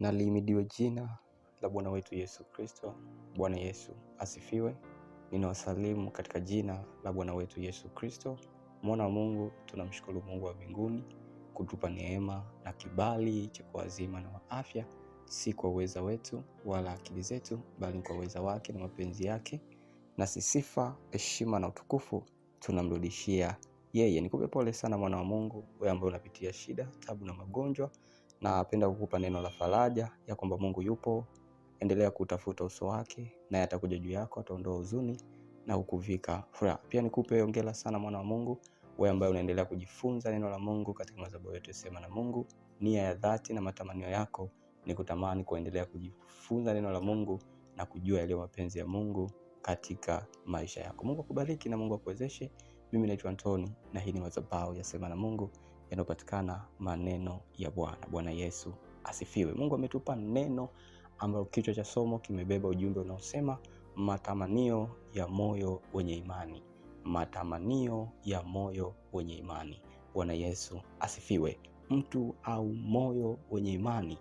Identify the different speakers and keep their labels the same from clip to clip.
Speaker 1: Na lihimidiwe jina la Bwana wetu Yesu Kristo. Bwana Yesu asifiwe. Ninawasalimu katika jina la Bwana wetu Yesu Kristo, mwana wa Mungu. Tunamshukuru Mungu wa mbinguni kutupa neema na kibali cha kuwa wazima na wa afya, si kwa uweza wetu wala akili zetu, bali kwa uweza wake na mapenzi yake, na sisifa sifa, heshima na utukufu tunamrudishia yeye. Nikupe pole sana mwana wa Mungu, wewe ambaye unapitia shida, tabu na magonjwa Napenda kukupa neno la faraja ya kwamba Mungu yupo, endelea kutafuta uso wake naye atakuja juu yako, ataondoa huzuni na kukuvika furaha. Pia nikupe hongera sana mwana wa Mungu, wewe ambaye unaendelea kujifunza neno la Mungu katika madhabahu yetu Sema na Mungu. Nia ya dhati na matamanio yako ni kutamani kuendelea kujifunza neno la Mungu na kujua yale mapenzi ya Mungu katika maisha yako. Mungu akubariki na Mungu akuwezeshe. Mimi naitwa Antoni na hii ni madhabahu ya Sema na Mungu yanayopatikana maneno ya Bwana. Bwana Yesu asifiwe. Mungu ametupa neno ambalo kichwa cha somo kimebeba ujumbe unaosema matamanio ya moyo wenye imani, matamanio ya moyo wenye imani. Bwana Yesu asifiwe. Mtu au moyo wenye imani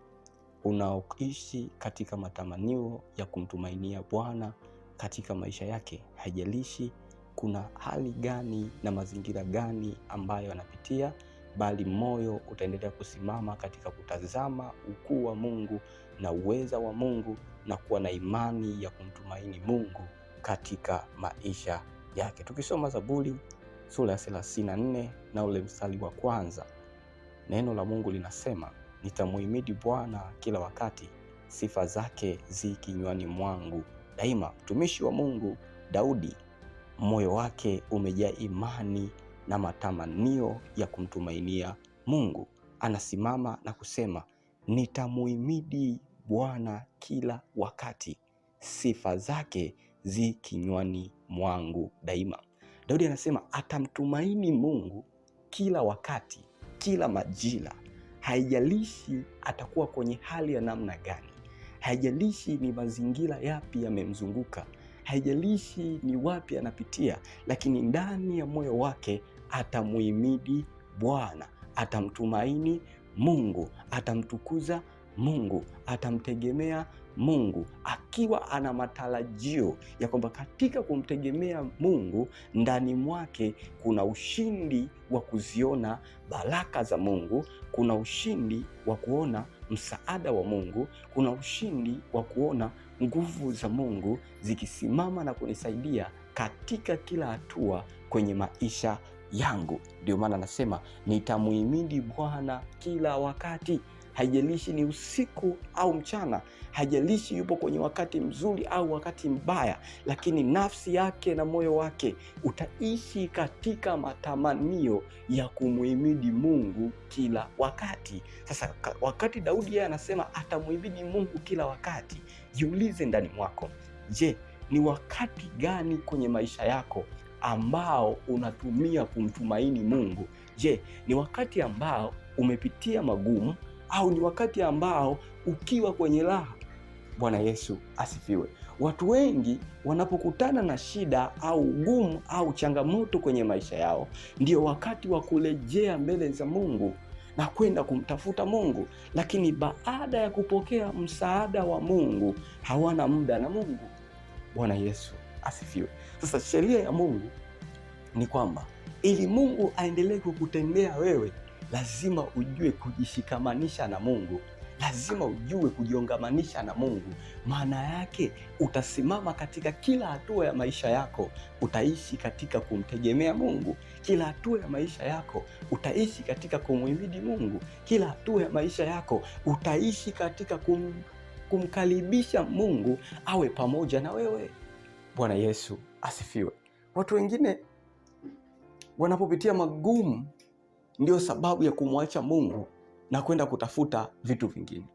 Speaker 1: unaoishi katika matamanio ya kumtumainia Bwana katika maisha yake, haijalishi kuna hali gani na mazingira gani ambayo anapitia bali moyo utaendelea kusimama katika kutazama ukuu wa Mungu na uweza wa Mungu na kuwa na imani ya kumtumaini Mungu katika maisha yake. Tukisoma Zaburi sura ya 34 na ule mstari wa kwanza, neno la Mungu linasema nitamuhimidi Bwana kila wakati, sifa zake zi kinywani mwangu daima. Mtumishi wa Mungu Daudi moyo wake umejaa imani na matamanio ya kumtumainia Mungu. Anasimama na kusema, nitamuhimidi Bwana kila wakati, sifa zake zi kinywani mwangu daima. Daudi anasema atamtumaini Mungu kila wakati, kila majira, haijalishi atakuwa kwenye hali ya namna gani, haijalishi ni mazingira yapi yamemzunguka, haijalishi ni wapi anapitia, lakini ndani ya moyo wake atamuhimidi Bwana, atamtumaini Mungu, atamtukuza Mungu, atamtegemea Mungu akiwa ana matarajio ya kwamba katika kumtegemea Mungu ndani mwake kuna ushindi wa kuziona baraka za Mungu, kuna ushindi wa kuona msaada wa Mungu, kuna ushindi wa kuona nguvu za Mungu zikisimama na kunisaidia katika kila hatua kwenye maisha yangu. Ndio maana anasema nitamhimidi Bwana kila wakati, haijalishi ni usiku au mchana, haijalishi yupo kwenye wakati mzuri au wakati mbaya, lakini nafsi yake na moyo wake utaishi katika matamanio ya kumhimidi Mungu kila wakati. Sasa wakati Daudi yeye anasema atamhimidi Mungu kila wakati, jiulize ndani mwako, je, ni wakati gani kwenye maisha yako ambao unatumia kumtumaini Mungu. Je, ni wakati ambao umepitia magumu au ni wakati ambao ukiwa kwenye raha? Bwana Yesu asifiwe. Watu wengi wanapokutana na shida au ugumu au changamoto kwenye maisha yao, ndio wakati wa kurejea mbele za Mungu na kwenda kumtafuta Mungu, lakini baada ya kupokea msaada wa Mungu hawana muda na Mungu. Bwana Yesu asifiwe. Sasa sheria ya Mungu ni kwamba ili Mungu aendelee kukutendea wewe, lazima ujue kujishikamanisha na Mungu, lazima ujue kujiongamanisha na Mungu. Maana yake utasimama katika kila hatua ya maisha yako, utaishi katika kumtegemea Mungu. Kila hatua ya maisha yako utaishi katika kumhimidi Mungu. Kila hatua ya maisha yako utaishi katika kum, kumkaribisha Mungu awe pamoja na wewe. Bwana Yesu asifiwe. Watu wengine wanapopitia magumu ndio sababu ya kumwacha Mungu na kwenda kutafuta vitu vingine.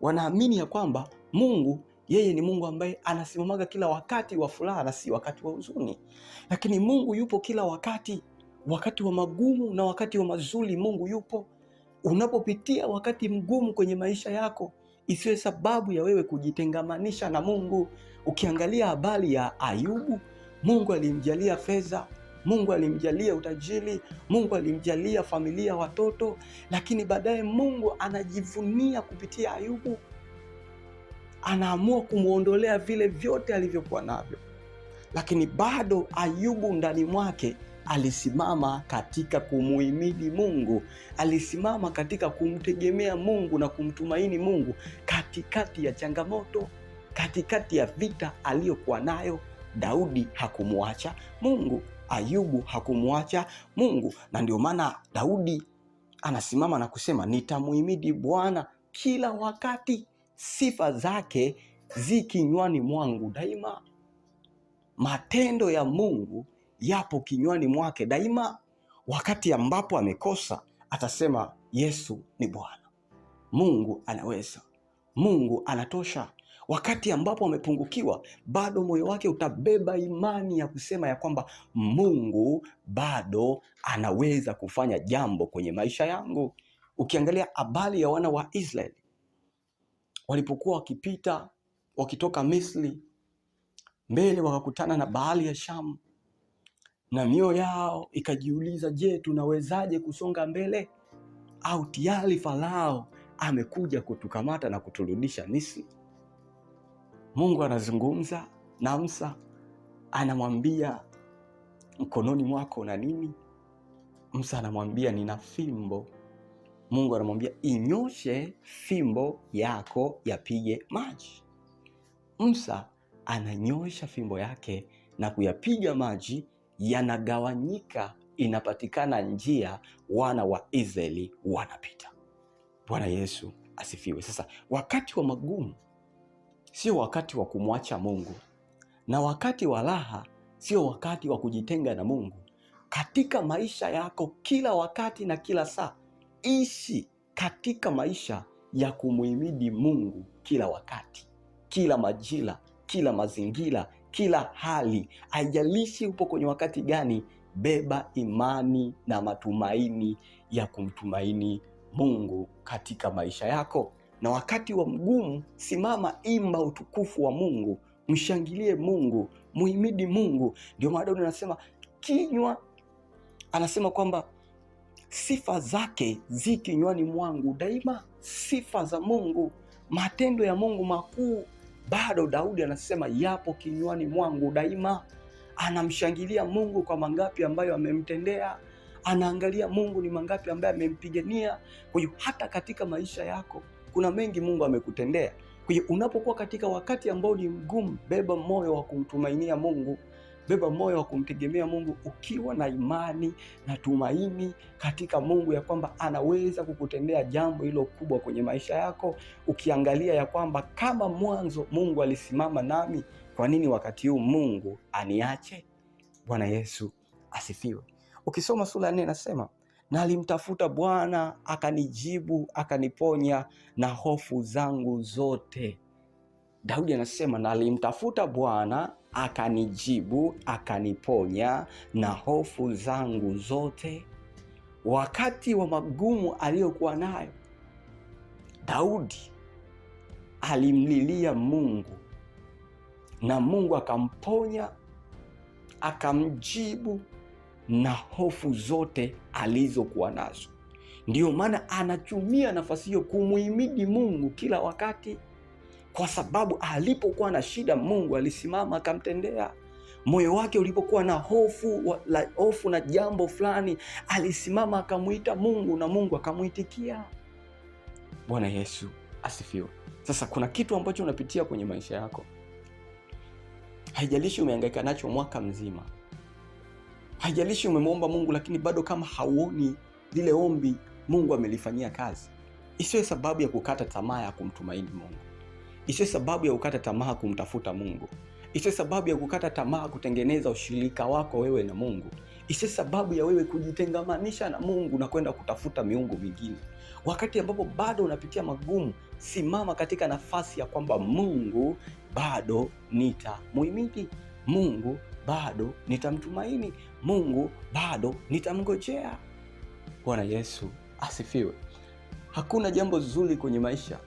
Speaker 1: Wanaamini ya kwamba Mungu yeye ni Mungu ambaye anasimamaga kila wakati wa furaha na si wakati wa huzuni, lakini Mungu yupo kila wakati, wakati wa magumu na wakati wa mazuri. Mungu yupo. Unapopitia wakati mgumu kwenye maisha yako, isiwe sababu ya wewe kujitengamanisha na Mungu. Ukiangalia habari ya Ayubu Mungu alimjalia fedha, Mungu alimjalia utajiri, Mungu alimjalia familia, watoto, lakini baadaye Mungu anajivunia kupitia Ayubu, anaamua kumwondolea vile vyote alivyokuwa navyo, lakini bado Ayubu ndani mwake alisimama katika kumuhimidi Mungu, alisimama katika kumtegemea Mungu na kumtumaini Mungu katikati ya changamoto, katikati ya vita aliyokuwa nayo. Daudi hakumwacha Mungu, Ayubu hakumwacha Mungu, na ndio maana Daudi anasimama na kusema nitamuhimidi Bwana kila wakati, sifa zake zi kinywani mwangu daima. Matendo ya Mungu yapo kinywani mwake daima. Wakati ambapo amekosa, atasema Yesu ni Bwana. Mungu anaweza, Mungu anatosha wakati ambapo wamepungukiwa, bado moyo wake utabeba imani ya kusema ya kwamba Mungu bado anaweza kufanya jambo kwenye maisha yangu. Ukiangalia habari ya wana wa Israeli walipokuwa wakipita wakitoka Misri, mbele wakakutana na bahari ya Shamu na mioyo yao ikajiuliza, je, tunawezaje kusonga mbele? Au tayari Farao amekuja kutukamata na kuturudisha Misri? Mungu anazungumza na Musa, anamwambia mkononi mwako na nini? Musa anamwambia nina fimbo. Mungu anamwambia inyoshe fimbo yako yapige maji. Musa ananyosha fimbo yake na kuyapiga maji, yanagawanyika, inapatikana njia, wana wa Israeli wanapita. Bwana Yesu asifiwe. Sasa wakati wa magumu sio wakati wa kumwacha Mungu, na wakati wa raha sio wakati wa kujitenga na Mungu. Katika maisha yako kila wakati na kila saa, ishi katika maisha ya kumuhimidi Mungu kila wakati, kila majira, kila mazingira, kila hali. Haijalishi upo kwenye wakati gani, beba imani na matumaini ya kumtumaini Mungu katika maisha yako na wakati wa mgumu, simama, imba utukufu wa Mungu, mshangilie Mungu, muhimidi Mungu. Ndio maana Daudi anasema kinywa, anasema kwamba sifa zake zi kinywani mwangu daima. Sifa za Mungu, matendo ya Mungu makuu bado Daudi anasema yapo kinywani mwangu daima. Anamshangilia Mungu kwa mangapi ambayo amemtendea, anaangalia Mungu ni mangapi ambayo amempigania. Kwa hiyo hata katika maisha yako kuna mengi Mungu amekutendea. Kwa hiyo unapokuwa katika wakati ambao ni mgumu, beba moyo wa kumtumainia Mungu, beba moyo wa kumtegemea Mungu ukiwa na imani na tumaini katika Mungu ya kwamba anaweza kukutendea jambo hilo kubwa kwenye maisha yako, ukiangalia ya kwamba kama mwanzo Mungu alisimama nami, kwa nini wakati huu Mungu aniache? Bwana Yesu asifiwe. Ukisoma sura nne nasema na alimtafuta Bwana akanijibu, akaniponya na hofu zangu zote. Daudi anasema na alimtafuta Bwana akanijibu, akaniponya na hofu zangu zote. Wakati wa magumu aliyokuwa nayo, Daudi alimlilia Mungu na Mungu akamponya, akamjibu na hofu zote alizokuwa nazo. Ndiyo maana anatumia nafasi hiyo kumuhimidi Mungu kila wakati, kwa sababu alipokuwa na shida Mungu alisimama akamtendea. Moyo wake ulipokuwa na hofu, la, hofu na jambo fulani alisimama akamwita Mungu na Mungu akamwitikia. Bwana Yesu asifiwe. Sasa kuna kitu ambacho unapitia kwenye maisha yako, haijalishi umehangaika nacho mwaka mzima Haijalishi umemwomba Mungu, lakini bado kama hauoni lile ombi Mungu amelifanyia kazi, isiwe sababu ya kukata tamaa ya kumtumaini Mungu, isiwe sababu ya kukata tamaa kumtafuta Mungu, isiwe sababu ya kukata tamaa kutengeneza ushirika wako wewe na Mungu, isiwe sababu ya wewe kujitengamanisha na Mungu na kwenda kutafuta miungu mingine. Wakati ambapo bado unapitia magumu, simama katika nafasi ya kwamba Mungu bado nitamuhimidi, Mungu bado nitamtumaini Mungu, bado nitamngojea. Bwana Yesu asifiwe. Hakuna jambo zuri kwenye maisha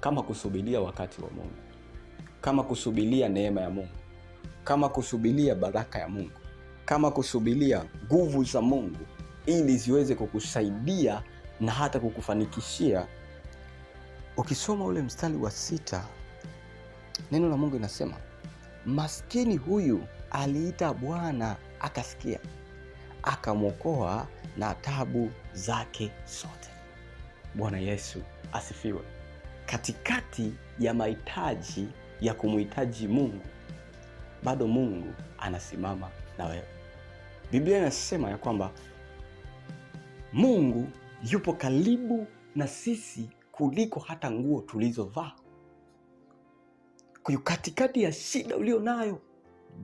Speaker 1: kama kusubilia wakati wa Mungu, kama kusubilia neema ya Mungu, kama kusubilia baraka ya Mungu, kama kusubilia nguvu za Mungu ili ziweze kukusaidia na hata kukufanikishia. Ukisoma ule mstari wa sita, neno la Mungu inasema Maskini huyu aliita Bwana akasikia, akamwokoa na tabu zake zote. Bwana Yesu asifiwe. Katikati ya mahitaji ya kumhitaji Mungu, bado Mungu anasimama na wewe. Biblia inasema ya kwamba Mungu yupo karibu na sisi kuliko hata nguo tulizovaa. Kwa hiyo katikati ya shida ulio nayo,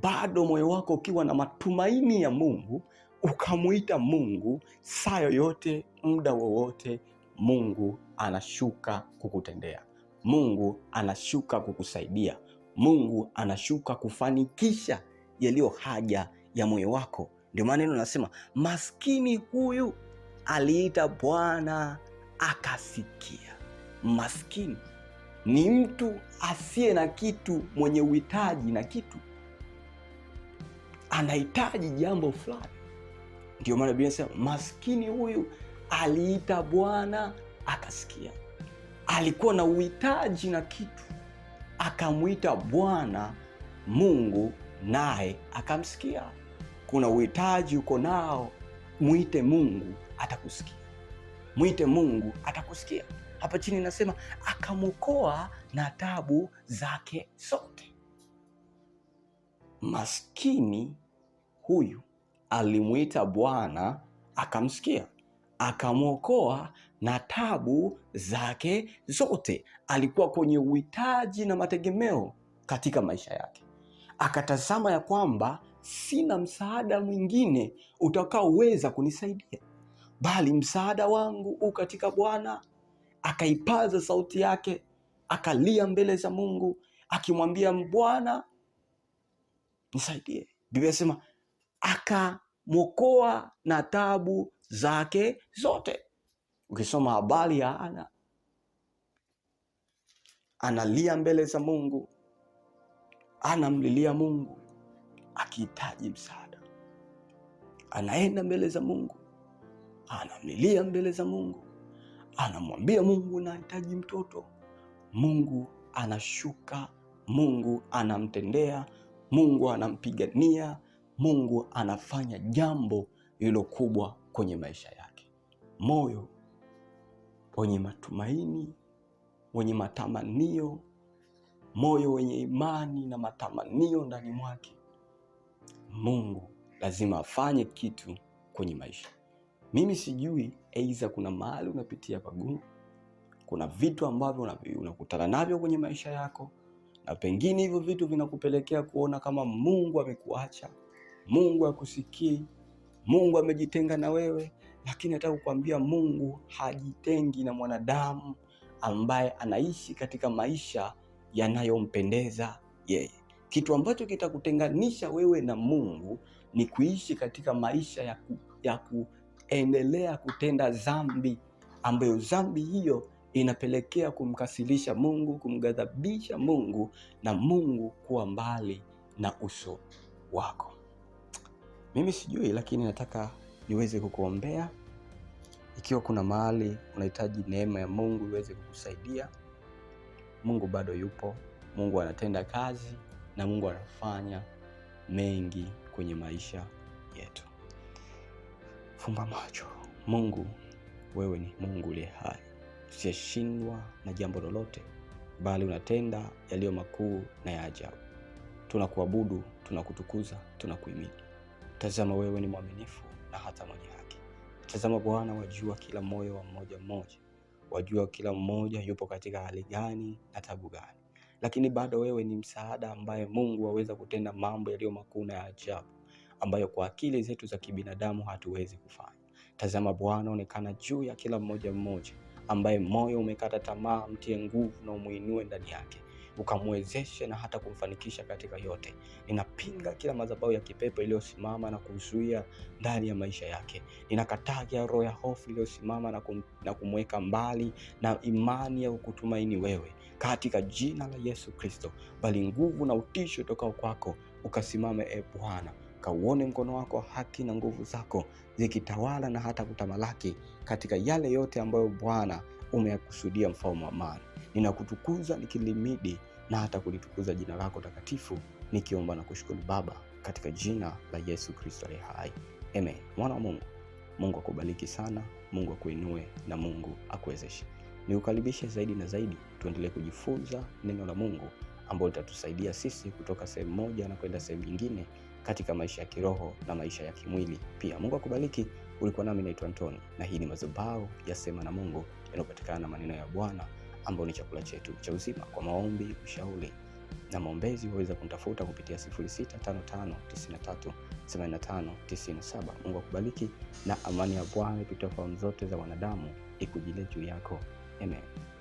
Speaker 1: bado moyo wako ukiwa na matumaini ya Mungu, ukamwita Mungu saa yoyote, muda wowote, Mungu anashuka kukutendea, Mungu anashuka kukusaidia, Mungu anashuka kufanikisha yaliyo haja ya moyo wako. Ndio maana neno nasema maskini huyu aliita Bwana akasikia. Maskini ni mtu asiye na kitu, mwenye uhitaji na kitu, anahitaji jambo fulani. Ndio maana Biblia inasema maskini huyu aliita Bwana akasikia. Alikuwa na uhitaji na kitu, akamwita Bwana Mungu naye akamsikia. Kuna uhitaji uko nao, mwite Mungu atakusikia, mwite Mungu atakusikia hapa chini inasema akamwokoa na tabu zake zote. Maskini huyu alimwita Bwana akamsikia, akamwokoa na tabu zake zote. Alikuwa kwenye uhitaji na mategemeo katika maisha yake, akatazama ya kwamba sina msaada mwingine utakaoweza kunisaidia, bali msaada wangu u katika Bwana akaipaza sauti yake akalia mbele za Mungu akimwambia Bwana nisaidie. Biblia inasema akamwokoa na taabu zake zote. Ukisoma habari ya Ana, analia mbele za Mungu, anamlilia Mungu akihitaji msaada, anaenda mbele za Mungu, anamlilia mbele za Mungu anamwambia Mungu nahitaji mtoto, Mungu anashuka, Mungu anamtendea, Mungu anampigania, Mungu anafanya jambo lilo kubwa kwenye maisha yake. Moyo wenye matumaini, wenye matamanio, moyo wenye imani na matamanio ndani mwake, Mungu lazima afanye kitu kwenye maisha mimi sijui, aidha kuna mahali unapitia pagumu, kuna vitu ambavyo unakutana navyo kwenye maisha yako, na pengine hivyo vitu vinakupelekea kuona kama Mungu amekuacha, Mungu akusikii, Mungu amejitenga na wewe. Lakini nataka kukwambia Mungu hajitengi na mwanadamu ambaye anaishi katika maisha yanayompendeza yeye. Kitu ambacho kitakutenganisha wewe na Mungu ni kuishi katika maisha ya, ku, ya, ku, endelea kutenda dhambi ambayo dhambi hiyo inapelekea kumkasirisha Mungu, kumghadhabisha Mungu na Mungu kuwa mbali na uso wako. Mimi sijui, lakini nataka niweze kukuombea. Ikiwa kuna mahali unahitaji neema ya Mungu iweze kukusaidia, Mungu bado yupo, Mungu anatenda kazi na Mungu anafanya mengi kwenye maisha yetu. Fumba macho. Mungu, wewe ni Mungu uliye hai, usiyeshindwa na jambo lolote, bali unatenda yaliyo makuu na ya ajabu. Tunakuabudu, tunakutukuza, tunakuimini. Tazama, wewe ni mwaminifu na hata mwenye haki. Tazama Bwana, wajua kila moyo wa mmoja mmoja, wajua kila mmoja yupo katika hali gani na tabu gani, lakini bado wewe ni msaada ambaye Mungu waweza kutenda mambo yaliyo makuu na ya ajabu ambayo kwa akili zetu za kibinadamu hatuwezi kufanya. Tazama, Bwana onekana juu ya kila mmoja mmoja ambaye moyo umekata tamaa, mtie nguvu na umuinue ndani yake ukamwezeshe na hata kumfanikisha katika yote. Ninapinga kila madhabahu ya kipepo iliyosimama na kuzuia ndani ya maisha yake. Ninakataa kila roho ya hofu iliyosimama na, kum, na kumweka mbali na imani ya ukutumaini wewe katika jina la Yesu Kristo, bali nguvu na utisho utokao kwako ukasimame, e Bwana Kauone mkono wako haki na nguvu zako zikitawala na hata kutamalaki katika yale yote ambayo Bwana umeyakusudia, mfalme wa amani. Ninakutukuza nikilimidi na hata kulitukuza jina lako takatifu, nikiomba na kushukuru Baba, katika jina la Yesu Kristo aliye hai, amen. Mwana wa Mungu, Mungu akubariki sana, Mungu akuinue na Mungu akuwezeshe. Niukaribishe zaidi na zaidi, tuendelee kujifunza neno la Mungu ambalo litatusaidia sisi kutoka sehemu moja na kwenda sehemu nyingine katika maisha ya kiroho na maisha ya kimwili pia. Mungu akubariki. Ulikuwa nami naitwa Antoni, na hii ni madhabahu ya Sema na Mungu yanayopatikana na maneno ya Bwana ambao ni chakula chetu cha uzima. Kwa maombi, ushauri na maombezi waweza kunitafuta kupitia 0655938597. Mungu akubariki na amani ya Bwana ipitayo fahamu zote za wanadamu ikujilie juu yako. Amen.